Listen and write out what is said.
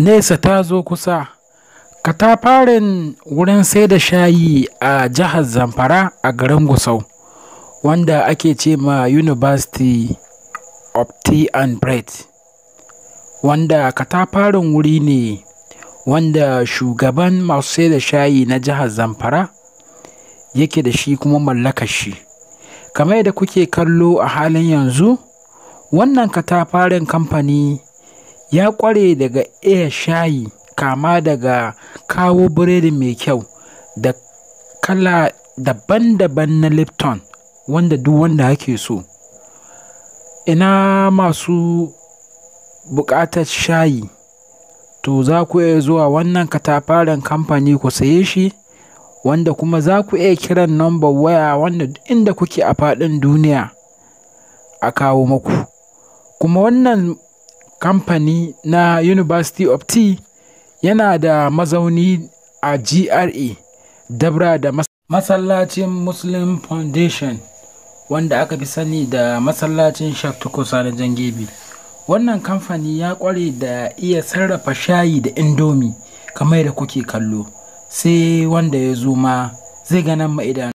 nesa ta zo kusa katafaren wurin sai da shayi a jihar zamfara a garin gusau wanda ake ce ma university of tea and bread wanda katafaren wuri ne wanda shugaban masu sai da shayi na jihar zamfara yake da shi kuma mallakar shi kamar yadda kuke kallo a halin yanzu wannan katafaren kamfani Ya ƙware daga iya shayi kama daga kawo biredi mai kyau da kala daban-daban na Lipton wanda duk wanda ake so. Ina masu buƙatar shayi to za ku iya zuwa wannan katafaren kamfani ku saye shi wanda kuma za ku iya kiran nambar waya wanda inda kuke a faɗin duniya a kawo maku? Kuma wannan kamfani na University of T yana da mazauni a GRA, dabra da Masallacin Muslim Foundation, wanda aka fi sani da Masallacin Shaftukusa na Jangebe. Wannan kamfani ya kware da iya sarrafa shayi da indomi kamar da kuke kallo, sai wanda ya zo ma zai ganan ma'idanu.